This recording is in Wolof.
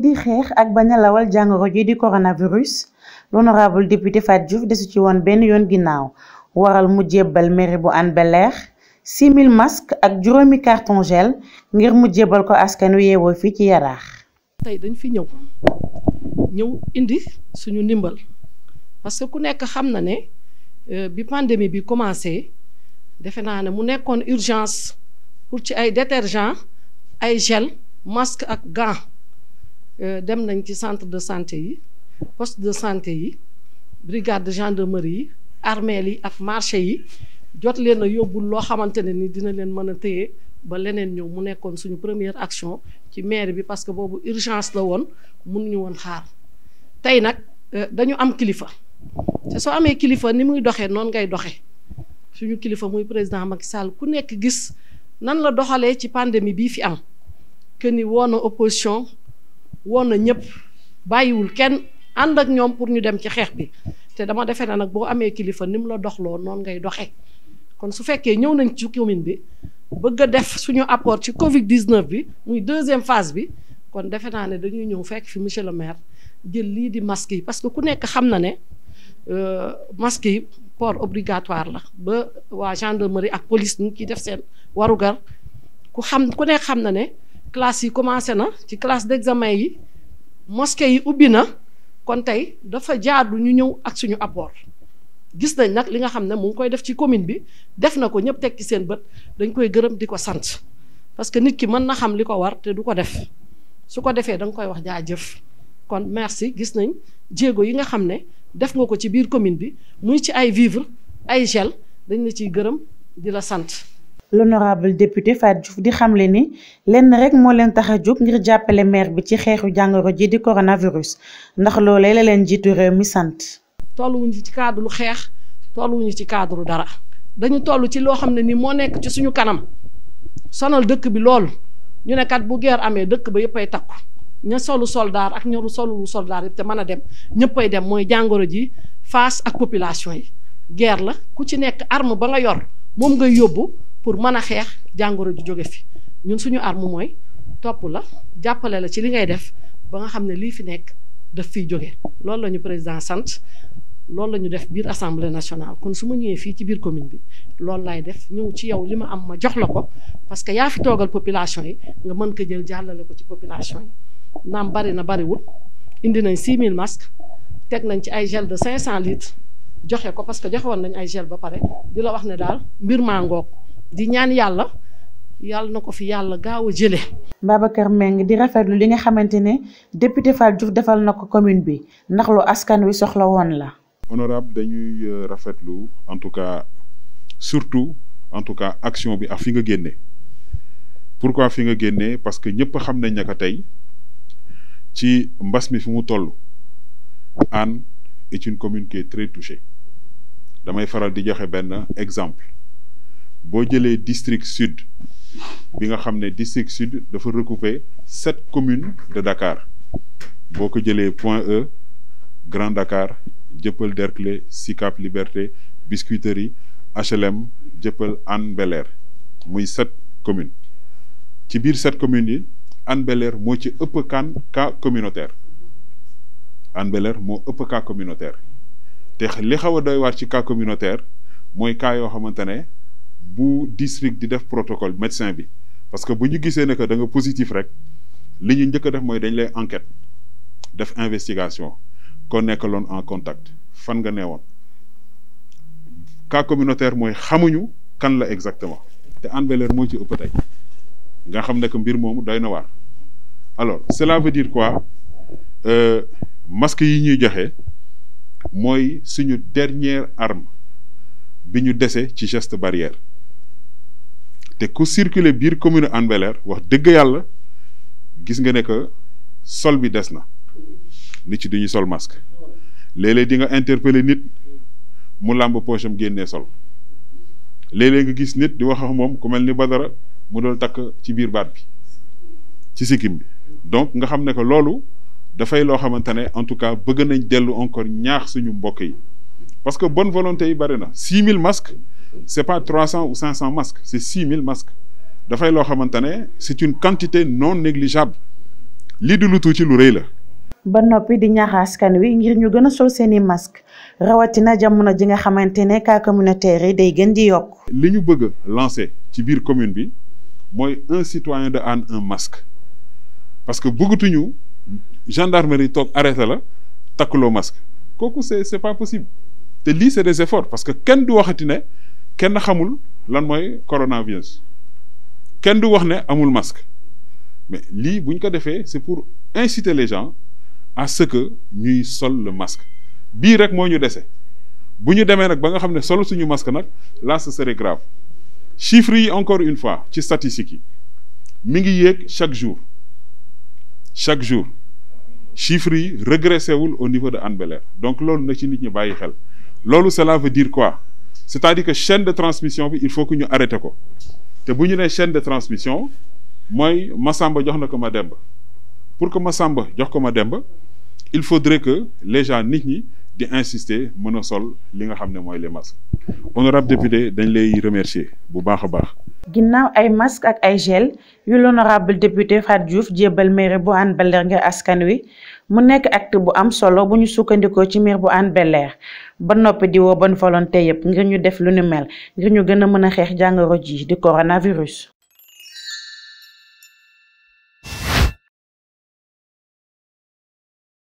di xeex ak bañ a lawal jàngoro ji di coronavirus l'honorable député Fatou Diouf desu ci woon benn yoon ginnaaw waral mu jébbal mairie bu Hann Bel-Air 6000 masques ak juróomi carton gel ngir mu jébbal ko askan wi yeewoo fii ci yaraax. tey dañ fi ñëw ñëw indi suñu ndimbal parce que ku nekk xam na ne euh, bi pandémie bi commencé defe naa ne mu nekkoon urgence pour ci ay détergent ay gel masque ak gants Euh, dem nañ ci centre de santé yi poste de santé yi brigade de gendarmerie yi armeel yi ak marché yi jot leen a yóbbul loo xamante ne ni dina leen mën a téye ba leneen ñëw mu nekkoon suñu première action ci maire bi parce que boobu urgence la woon mënuñu woon xaar tey nag euh, dañu am kilifa te soo amee kilifa ni muy doxee noonu ngay doxee suñu kilifa muy président Macky Sall ku nekk gis nan la doxalee ci pandémie bii fi am que ni woon na opposition woon na ñëpp bàyyiwul kenn ànd ak ñoom pour ñu dem ci xeex bi te dama defee ne nag boo amee kilifa ni mu la doxloo noonu ngay doxee kon su fekkee ñëw nañ ci commune bi bëgg a def suñu apport ci Covid 19 bi muy deuxième phase bi kon defe naa ne dañuy ñëw fekk fi monsieur le maire jël lii di masque yi parce que ku nekk xam na ne euh, masque yi port obligatoire la ba waa gendarmerie ak police ñu ciy def seen warugar ku xam ku nekk xam na ne. classe yi commencé na ci classe d'examen yi mosquée yi ubbi na kon tey dafa jaadu ñu ñëw ak suñu apport gis nañ nag li nga xam ne mu ngi koy def ci commune bi def na ko ñëpp tekki seen bët dañ koy gërëm di ko sant parce que nit ki mën na xam li ko war te du ko def su ko defee da nga koy wax jaajëf kon merci gis nañ jéego yi nga xam ne def nga ko ci biir commune bi muy ci ay vivre ay gel dañ la ciy gërëm di la sant l'honorable député Fatou Diouf di xamle ni lenn rek moo leen tax a jóg ngir jàppale maire bi ci xeexu jàngoro ji di coronavirus ndax loolee la leen jiitu réew mi sant. tolluwuñu ci cadre lu xeex tolluwuñu ci cadre dara dañu toll ci loo xam ne ni moo nekk ci suñu kanam sonal dëkk bi loolu ñu nekkat bu guerre amee dëkk ba yëpp ay takku ña solu soldaar ak ñoru solu soldaar yëpp te mën a dem ñëpp ay dem mooy jàngoro ji face ak population yi guerre la ku ci nekk arm ba nga yor moom nga yóbbu. pour mën a xeex jàngoro ju jóge fi ñun suñu arme mooy topp la jàppale la ci li ngay def ba nga xam ne lii fi nekk daf fiy jóge loolu la ñu président sant loolu la ñu def biir assemblée nationale kon su ma ñëwee fii ci biir commune bi loolu laay def ñëw ci yow li ma am ma jox la ko parce que yaa fi toogal population yi nga mën ko jël jàllale ko ci population yi naam bari na bariwul indi nañ mille masques teg nañ ci ay gel de 500 litres joxe ko parce que joxe nañ ay gel ba pare di la wax ne daal mbir maa di ñaan yalla yalla nako fi yalla gaawu a Babacar meng di rafetlu li nga xamantene député Fall Diouf defal nako commune bi ndax lu askan wi soxla won la. honorable dañuy euh, rafetlu en tout cas surtout en tout cas action bi ak fi nga génnee pourquoi fi nga génnee parce que ñepp xam nañ ne que ci mbass mi fi mu tollu Hann est une commune qui est très touchée damay faral di joxe ben exemple boo jëlee district sud bi nga xam district sud dafa recouper sept communes de Dakar boo ko jëlee Point E Grand Dakar Jepel d'erkle, Sikap Liberté Biscuiterie HLM Jepel Anne Belair muy sept communes ci biir sept communes yi Anne Belair moo ci ëpp kan cas communautaire Anne Belair moo ëpp cas communautaire te li xaw a doy waar ci cas communautaire mooy cas yoo xamante bu district di def protocole médecin bi parce que buñu gisé gisee que da nga positif rek liñu ñëk def moy dañ lay enquête def investigation ko nekkaloon en contact fan nga nee woon cas communautaire moy xamuñu kan la exactement té Hann moy ci ëpp tay nga xam ne que mbir mom doyna war alors cela veut dire quoi euh, masque yi ñuy joxé moy suñu dernière arme biñu déssé ci geste barrière te ku circuler biir commune en bel wax dëgg yàlla gis nga que sol bi des na ci sol masque léeg di nga interpeller nit mu làmb poche am sol léeg nga gis nit di wax ak moom ku Badara mu doon ci biir bi donc nga xam que en tout cas nañ encore ñaax suñu mbokk yi parce que bonne volonté 6000 masques c'est pas 300 ou 500 masques c'est 6000 masques dafay loo xamante ne c'est une quantité non négligeable lii du lu tuuti lu rëy la. ba noppi di ñaax askan wi ngir ñu gën a sol seen i masques rawatina jamono ji nga xamante ne cas communautaire yi day gën di yokk. li ñu bëgg a lancer ci biir commune bi mooy un citoyen de Hann un masque parce que bëggatuñu gendarmerie toog arrêté la takkuloo masque kooku c'est c'est pas possible te lii c'est des efforts parce que kenn du waxati ne kenn xamul lan mooy coronavirus kenn du wax ne amul masque mais lii buñ ko defee c'est pour inciter les gens à ce que ñuy sol le masque bii rek moo ñu dese bu ñu demee nag ba nga xam ne suñu masque nag là ce serait grave chiffres encore une fois ci statistiques yi mi ngi yéeg chaque jour chaque jour chiffres yi wul au niveau de Hann donc loolu na ci nit ñi bàyyi xel loolu cela veut dire quoi c'est-à-dire que chaîne de transmission il faut que ñu arrêtions. ko te bu ñu chaîne de transmission moi, Masamba jox comme ko pour que Masamba jox ko Mademba il faudrait que les gens n'y ñi di insister mën a sol les masques honorable député dañ lay remercier bu baax a baax. ay masques ak ay gel yu l'honorable député Fatou Diouf jébbal maire bu an bel nga ngir askan wi mu nekk acte bu am solo bu ñu ci maire bu bel ba noppi di woo bonne volonté yëpp ngir ñu def lu ni mel ngir ñu gën a mën a xeex jàngoro jii di coronavirus